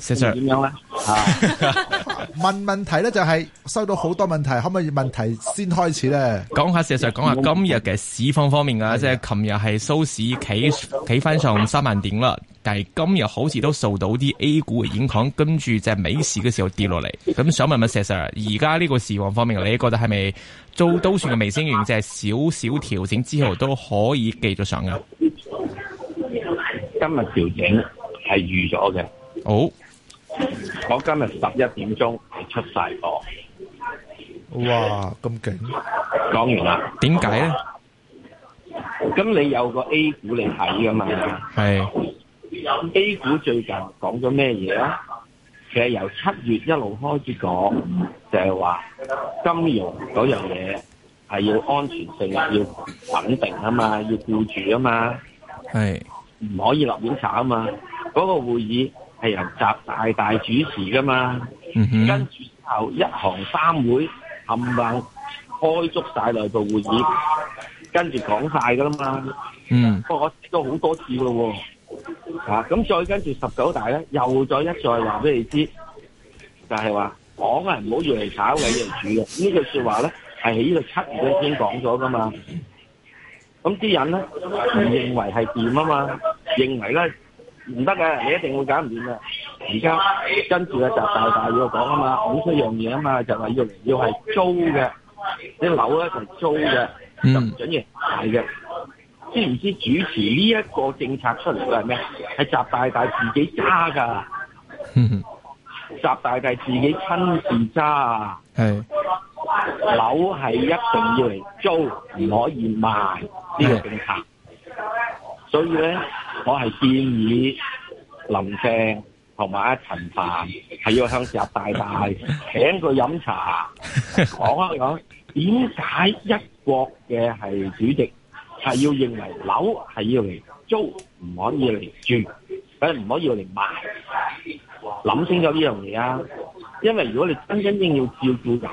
誒，Sir，點樣咧？問問題咧，就係、是、收到好多問題，可唔可以問題先開始咧？講下 Sir，講下今日嘅市況方面啊，即係琴日係收市企企翻上三萬點啦，但係今日好似都受到啲 A 股嘅影響，跟住就係美市嘅時候跌落嚟。咁想問問 Sir，而家呢個市況方面，你覺得係咪做都算嘅微升完，即係少少調整之後都可以繼續上嘅？今日調整係預咗嘅。好、oh，我、那個、今日十一點鐘係出晒貨。哇，咁勁！講完啦，點解咧？咁你有個 A 股你睇噶嘛？係。A 股最近講咗咩嘢啊？其實由七月一路開始講，就係、是、話金融嗰樣嘢係要安全性，要穩定啊嘛，要顧住啊嘛。係。唔可以立亂炒啊嘛！嗰、那個會議。係由習大大主持噶嘛？跟住之後一行三會冚唪唥開足晒內部會議，跟住講晒噶啦嘛。嗯，不過我識咗好多次咯喎。吓，咁再跟住十九大咧，又再一再話俾你知，就係話講係唔好用炒嘅嚟住嘅。呢句說話咧，係喺呢個七月先講咗噶嘛。咁啲人咧唔認為係掂啊嘛，認為咧。唔得㗎，你一定會搞唔掂嘅。而家跟住阿習大大要講啊嘛，好出一樣嘢啊嘛，就話要嚟要係租嘅，啲樓咧就租嘅，就唔準嘅賣嘅。知唔知主持呢一個政策出嚟嘅係咩？係習大大自己揸㗎。嗯 習大大自己親自揸。係樓係一定要嚟租，唔可以賣呢、呢個政策。所以咧。我係建議林鄭同埋阿陳凡係要向習大大請佢飲茶，講啊講，點解一國嘅係主席係要認為樓係要嚟租，唔可以嚟住，梗唔可以嚟賣。諗清楚呢樣嘢啊！因為如果你真真正要照顧人，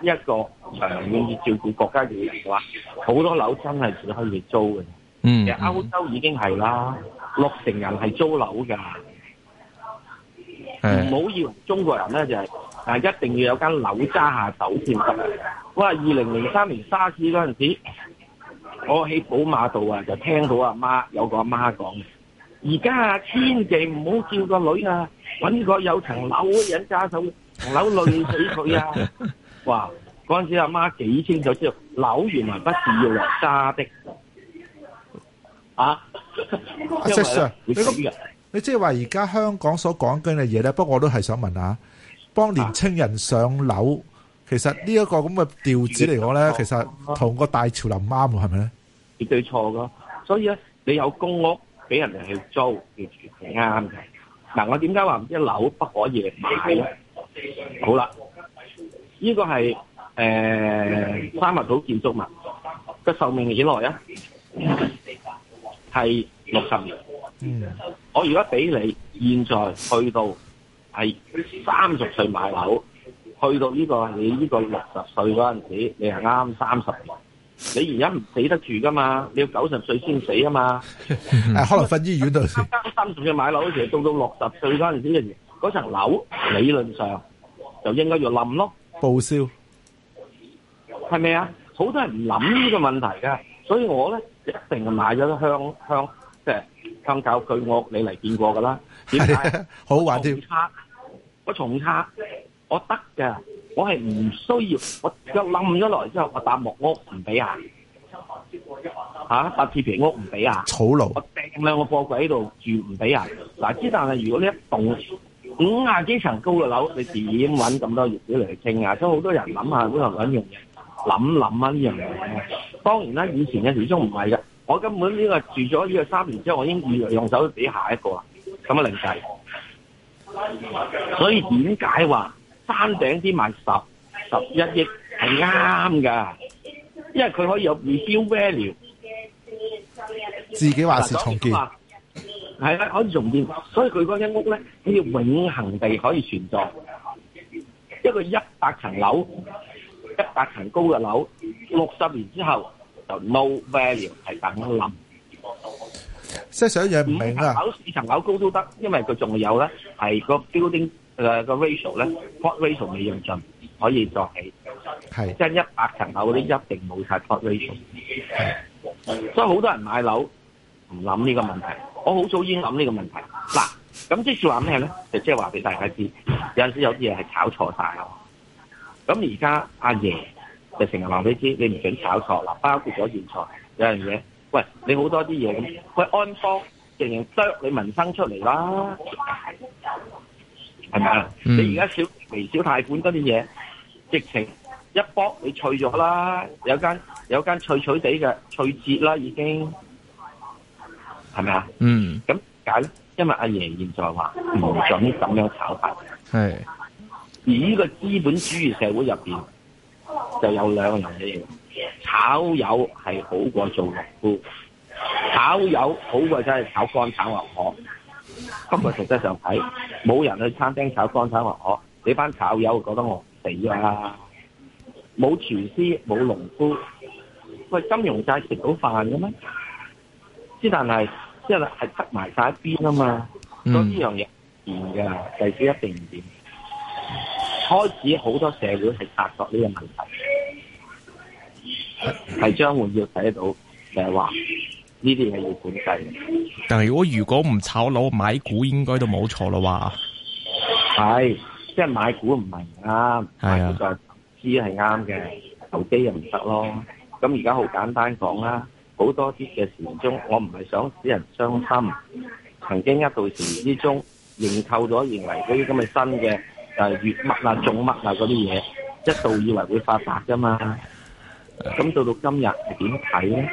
一個長遠要照顧國家嘅人嘅話，好多樓真係只可以嚟租嘅。嗯嗯、其實歐洲已經係啦，六成人係租樓噶，唔好以為中國人咧就係、是、啊，一定要有間樓揸下手先得啊！哇，二零零三年沙士嗰陣時，我喺寶馬度啊就聽到阿媽有個阿媽講：而家千祈唔好叫個女啊揾個有層樓嘅人揸手，樓累死佢啊！ 哇，嗰陣時阿媽幾清楚知道，樓原來不是要嚟揸的。啊！阿 Sir，你咁你即係話而家香港所講緊嘅嘢咧，不過我都係想問下，幫年青人上樓，其實呢一個咁嘅調子嚟講咧，其實同個大潮流唔啱嘅，係咪咧？絕對錯噶，所以咧，你有公屋俾人哋去租，完全係啱嘅。嗱，我點解話一樓不可以買咧？好啦，呢個係誒三合土建築物，個壽命幾耐啊？係六十年，嗯、我而家俾你，現在去到係三十歲買樓，去到呢、這個你呢個六十歲嗰陣時，你係啱三十年。你而家唔死得住噶嘛？你要九十歲先死啊嘛？喺可能瞓醫院度。三十歲買樓嗰時候，到到六十歲嗰陣時，嘅樣嘢嗰層樓理論上就應該要冧咯，報銷係咪啊？好多人唔諗呢個問題噶，所以我咧。一定係買咗香香即係香餃居屋，你嚟見過㗎啦？點解好玩，添 重拆？ 我我重拆，我得嘅，我係唔需要。我一冧咗落嚟之後，我搭木屋唔俾啊！嚇、啊，搭鐵皮屋唔俾啊！草露，我訂兩個貨櫃喺度住唔俾啊！嗱、啊，之但係如果呢一棟五廿幾層高嘅樓，你點揾咁多業主嚟傾啊？所以好多人諗下呢個緊要嘢，諗諗啊呢樣嘢。當然啦，以前嘅始終唔係㗎。我根本呢個住咗呢個三年之後，我已經用用手俾下一個啦，咁啊另計。所以點解話山頂啲賣十十一億係啱㗎？因為佢可以有 rebuild value。自己話是重建，係啦，可以重建，所以佢嗰間屋咧可以永恆地可以存在。一個一百層樓、一百層高嘅樓，六十年之後。就 no value 係咁諗，即係想嘢唔明啦。樓市層樓高都得，因為佢仲有咧，係個 building 誒、呃、ratio 咧 plot ratio 未用盡，可以再起。係，即係一百層樓嗰啲一定冇晒 plot ratio。係，所以好多人買樓唔諗呢個問題。我好早已經諗呢個問題。嗱，咁即是話咩咧？就即係話俾大家知，有陣時有啲嘢係炒錯曬。咁而家阿爺。就成日話俾你知，你唔准炒錯啦，包括咗現在有樣嘢，喂，你好多啲嘢，佢安邦仍然啄你民生出嚟啦，係咪啊？嗯、你而家小微小貸款嗰啲嘢，直情一波你脆咗啦，有間有間脆脆地嘅脆折啦，已經係咪啊？嗯。咁解因為阿爺，爺現在話唔准啲咁樣炒法，係、嗯。而呢個資本主義社會入邊。就有兩個男仔嘅炒友係好過做農夫，炒友好過真係炒乾炒牛河。不過實際上睇，冇人去餐廳炒乾炒牛河，你班炒友覺得我死啊！冇廚師，冇農夫，喂，金融界食到飯嘅咩？之但係，即係係塞埋晒一邊啊嘛。所以呢樣嘢唔掂嘅，就主一定唔掂。開始好多社會係察覺呢個問題。係 將會要睇到，就係話呢啲係要管制。但係如果如果唔炒樓買股，應該都冇錯喇。話係，即係買股唔係唔啱，係啊，就知係啱嘅，投機又唔得咯。咁而家好簡單講啦，好多啲嘅時中，我唔係想使人傷心。曾經一度時之中認購咗，認為嗰啲咁嘅新嘅誒，葉、呃、物啊、種物啊嗰啲嘢，一度以為會發達噶嘛。咁到到今日點睇咧？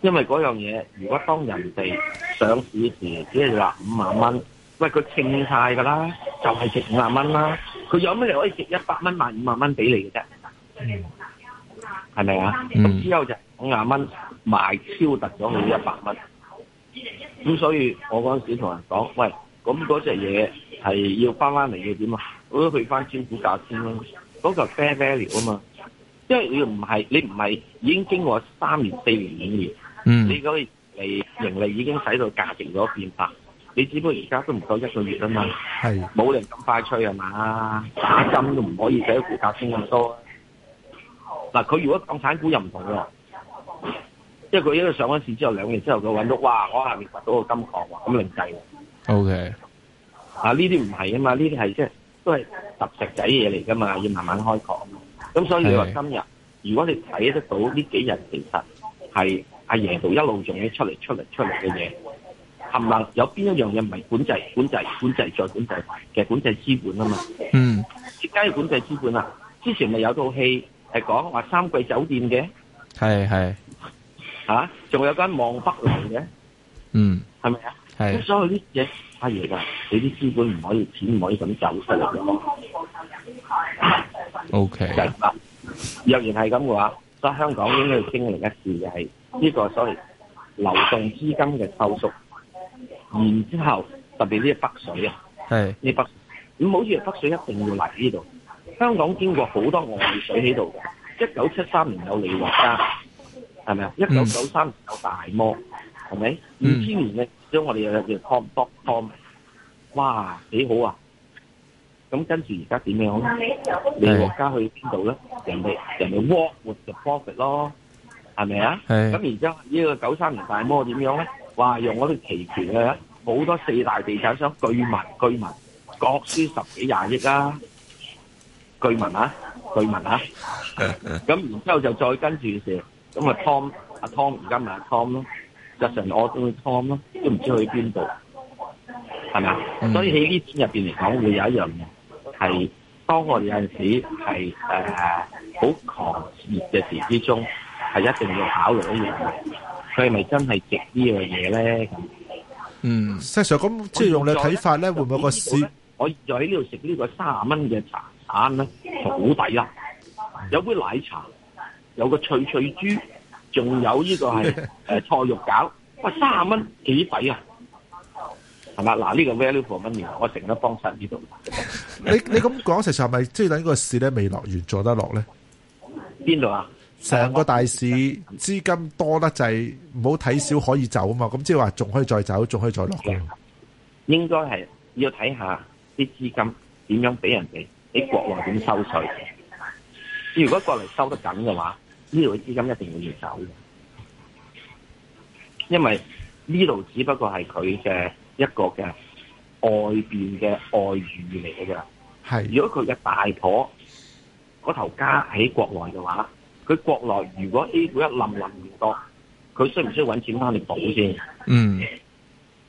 因為嗰樣嘢，如果當人哋上市時只係話五萬蚊，喂，佢清曬噶啦，就係值五萬蚊啦。佢有咩可以值一百蚊賣五萬蚊俾你嘅啫？係、嗯、咪啊？咁之後就五萬蚊賣超突咗佢一百蚊。咁所以，我嗰陣時同人講，喂，咁嗰隻嘢係要翻翻嚟要點啊？我都去翻專估價先啦。那」嗰個 fair value 啊嘛。因為佢唔係，你唔係已經經過三年四年五年，嗯，你嗰啲盈利已經使到價值咗變化，你只不過而家都唔夠一個月啊嘛，係冇人咁快催啊嘛，打針都唔可以使股價升咁多。嗱，啊，佢如果咁產股又唔同咯，即係佢因為上咗市之後兩年之後佢搵到，哇！我下面掘到個金礦，咁另計。O K. 啊，呢啲唔係啊嘛，okay. 啊，呢啲唔係嘛，呢啲係即係都係拾石仔嘢嚟噶嘛，要慢慢開礦。咁、嗯、所以你話今日，如果你睇得到呢幾日其實係阿、啊、爺度一路仲要出嚟出嚟出嚟嘅嘢，係咪有邊一樣嘢唔係管制管制管制再管制？嘅管，管，管，管，管制資本啊嘛。嗯。點解要管制資本啊？之前咪有套戲係講話三季酒店嘅。係係。嚇！仲有間望北樓嘅。嗯。係咪啊？係。咁、嗯啊、所以呢啲嘢阿爺㗎，你啲資本唔可以錢唔可以咁走出嚟。㗎、嗯。O K，嗱，若然係咁嘅話，所以香港應該要經歷一次嘅係呢、這個所謂流動資金嘅收縮。然之後特別呢啲北水啊，係呢、這個、北，咁好似北水一定要嚟呢度。香港經過好多外水喺度嘅，一九七三年有李華家，係咪啊？一九九三年有大摩，係咪、嗯？二千年咧、嗯，所以我哋有有 com dot com 哇幾好啊！咁跟住而家點樣咧？你國家去邊度咧？人哋人哋 work with the profit 咯，係咪啊？係。咁然之後呢個九三年大魔點樣咧？話用我哋期權啊，好多四大地產商巨文巨文，各輸十幾廿億啊！巨文啊！巨文啊！咁然之後就再跟住嘅時候啊 Tom 啊 Tom，而家咪阿 Tom 咯，成日我哋都 Tom 咯，都唔知去邊度，係咪啊？所以喺呢啲入邊嚟講，會有一樣嘢。係當我哋有陣時係誒好狂熱嘅時之中，係一定要考慮一樣嘢，佢係咪真係值東西呢樣嘢咧？嗯，石 Sir 咁即係用你嘅睇法咧，會唔會有個市？在這裡我就喺呢度食呢個三十蚊嘅茶餐咧，好抵啦！有杯奶茶，有個脆脆豬，仲有呢個係誒菜肉餃，喂，三十蚊幾抵啊！係嘛？嗱呢個 value for money，我成日都幫襯呢度。你你咁講實實係咪即係等個市咧未落完，做得落咧？邊度啊？成個大市資金多得滯，唔好睇少可以走啊嘛！咁即係話仲可以再走，仲可以再落嘅。 應該係要睇下啲資金點樣俾人哋，喺國內點收稅。如果國內收得緊嘅話，呢度嘅資金一定會要走嘅，因為呢度只不過係佢嘅。一個嘅外邊嘅外遇嚟嘅。係如果佢嘅大婆嗰頭家喺國內嘅話，佢國內如果 A 股一冧，冧唔多，佢需唔需要搵錢翻嚟補先？嗯，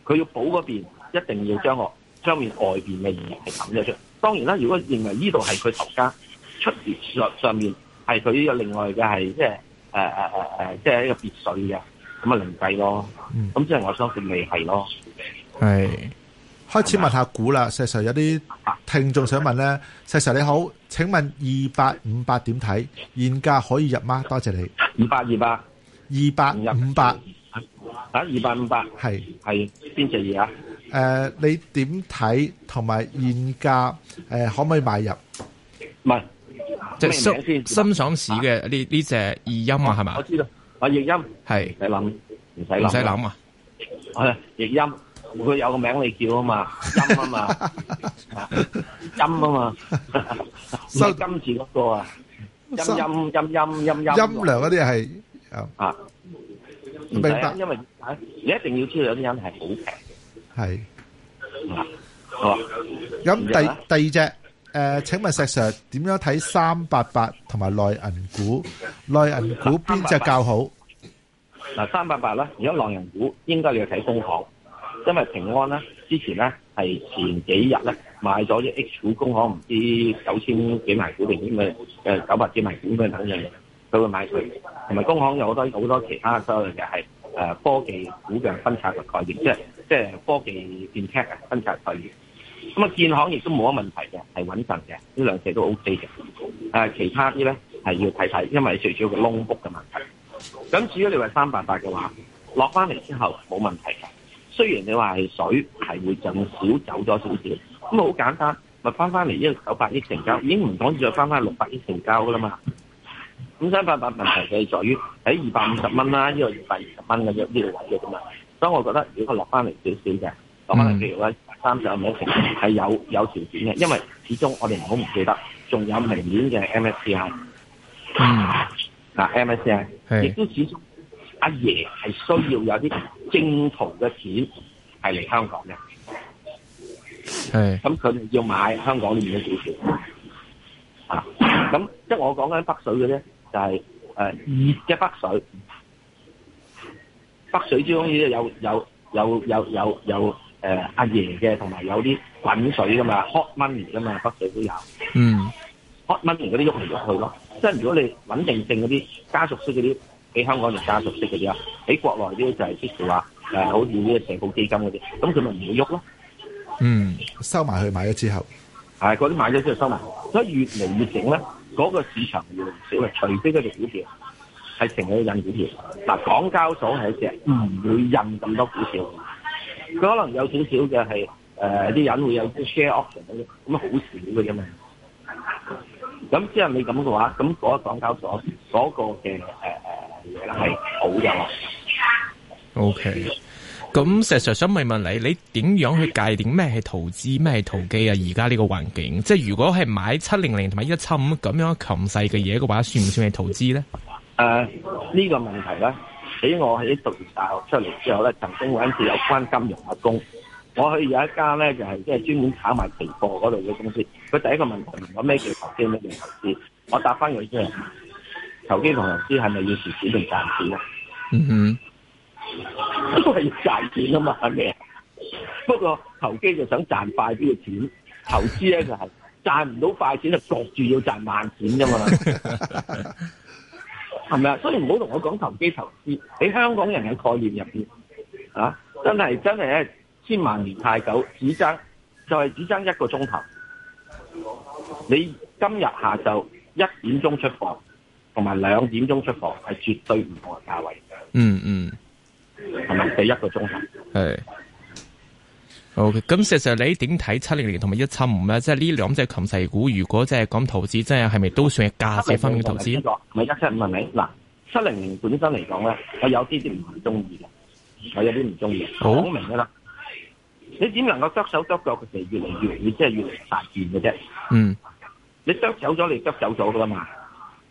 佢要補嗰邊，一定要將我將面外邊嘅二係減咗出。當然啦，如果認為呢度係佢頭家出面上上面係佢呢個另外嘅係，即係誒誒誒誒，即係一個別墅嘅，咁啊另計咯。咁即係我相信未係咯。係開始問下股啦，石 Sir 有啲聽眾想問咧，石 Sir 你好，請問二百五百點睇，現價可以入嗎？多謝你，二百二百，二百五百，啊二百五百。係係邊隻嘢啊？誒、啊呃，你點睇同埋現價誒、呃、可唔可以買入？唔係即係深深上市嘅呢呢隻二陰啊係咪、嗯？我知道，啊二陰係唔使諗，唔使諗啊，係二陰。佢有個名你叫啊嘛，音啊嘛，音啊嘛，收金字嗰個啊，音音音音音音，音量嗰啲係啊，唔明白。因為你一定要知道，有啲人係好平嘅。係，好啊。咁第第二隻，誒，請問石 Sir 點樣睇三八八同埋內銀股？內銀股邊隻較好？嗱，三八八啦，而家內銀股應該你要睇中行。因為平安咧，之前咧係前幾日咧買咗啲 H 股，工行唔知九千幾萬股定點嘅九百幾萬股咁等樣佢會買佢。同埋工行有好多好多其他嘅收益嘅係科技股嘅分拆嘅概念，即係即係科技建 check 嘅分拆概念。咁、嗯、啊，建行亦都冇乜問題嘅，係穩陣嘅，呢兩隻都 O K 嘅。其他啲咧係要睇睇，因為最主要嘅窿卜嘅問題。咁至於你話三百八嘅話，落翻嚟之後冇問題。雖然你話係水，係會盡少走咗少少，咁好簡單，咪翻翻嚟呢個九百億成交，已經唔講再翻翻六百億成交噶啦嘛。咁相反，問題就係在於喺二百五十蚊啦，呢、呢個二百二十蚊嘅啲呢啲位嘅點啊。所以，我覺得如果落翻嚟少少嘅，落翻嚟譬如話三十五 percent 係有有條件嘅，因為始終我哋唔好唔記得，仲有明年嘅 MSCI 嗱，MSCI，亦都始終。阿爺係需要有啲正途嘅錢係嚟香港嘅，係咁佢哋要買香港裏面嘅股票，啊咁即係我講緊北水嘅啫，就係誒熱嘅北水，北水之中有有有有有有，有、呃、有有有有有誒阿爺嘅，同埋有啲滾水㗎嘛，hot money 㗎嘛，北水都有，嗯，hot money 嗰啲喐嚟喐去咯，即係如果你穩定性嗰啲家族式嗰啲。俾香港人加熟悉嘅啫，喺國內啲就係即係話，誒好似呢個社保基金嗰啲，咁佢咪唔會喐咯？嗯，收埋去買咗之後，係嗰啲買咗之後收埋，所以越嚟越靜咧，嗰、那個市場越嚟越少，除非嗰隻股票係成日印股票，嗱，港交所係一隻唔會印咁多股票，佢可能有少少嘅係誒啲人會有啲 share option 咁樣，咁好少嘅啫嘛。咁即係你咁嘅話，咁嗰個港交所嗰、那個嘅誒。呃係好嘅，OK。咁石 Sir 想咪問你，你點樣去界定咩係投資，咩係投機啊？而家呢個環境，即係如果係買七零零同埋一七五咁樣琴細嘅嘢嘅話，算唔算係投資咧？誒，呢個問題咧，喺我喺讀完大學出嚟之後咧，曾經搵住有關金融嘅工，我去有一間咧就係即係專門炒埋期貨嗰度嘅公司。佢第一個問題問我咩叫投機，咩叫投資，我答翻佢先。投機同投資係咪要蝕錢定賺錢啊？嗯哼，都 係要賺錢啊嘛，係咪啊？ 不過投機就想賺快啲嘅錢，投資咧就係賺唔到快錢就焗、是、住要賺慢錢啫嘛，係咪啊？所以唔好同我講投機投資，喺香港人嘅概念入邊，啊，真係真係咧，千萬年太久，只爭就係、是、只爭一個鐘頭。你今日下晝一點鐘出貨。同埋兩點鐘出貨係絕對唔同嘅價位。嗯嗯，係咪第一個鐘頭？係。OK，咁事實你點睇七零零同埋一七五咧？即係呢兩隻琴細股，如果即係講投資，即係係咪都算係價值方面嘅投資？唔係一七五係咪？嗱，七零零本身嚟講咧，我有啲啲唔係中意嘅，我有啲唔中意。好。明㗎啦，你點能夠執手執腳？佢哋越嚟越，嚟越，即係越嚟越發現嘅啫。嗯。你執走咗，你執走咗㗎嘛？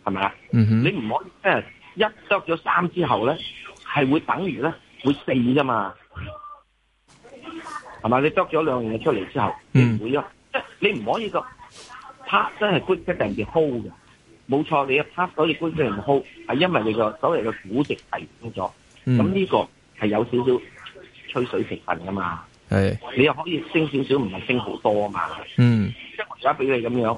係咪啊？嗯哼，你唔可以即係一得咗三之後咧，係會等於咧會四㗎嘛？係嘛？你得咗兩樣嘢出嚟之後，唔會咯，mm -hmm. 即係你唔可以個 part 真係一定要 hold 嘅，冇錯，你一 part 所以 g o o hold，係因為你個所謂嘅估值提升咗，咁、mm、呢 -hmm. 個係有少少吹水成分噶嘛？係，你又可以升少少，唔係升好多啊嘛？嗯、mm -hmm.，即係我而家俾你咁樣。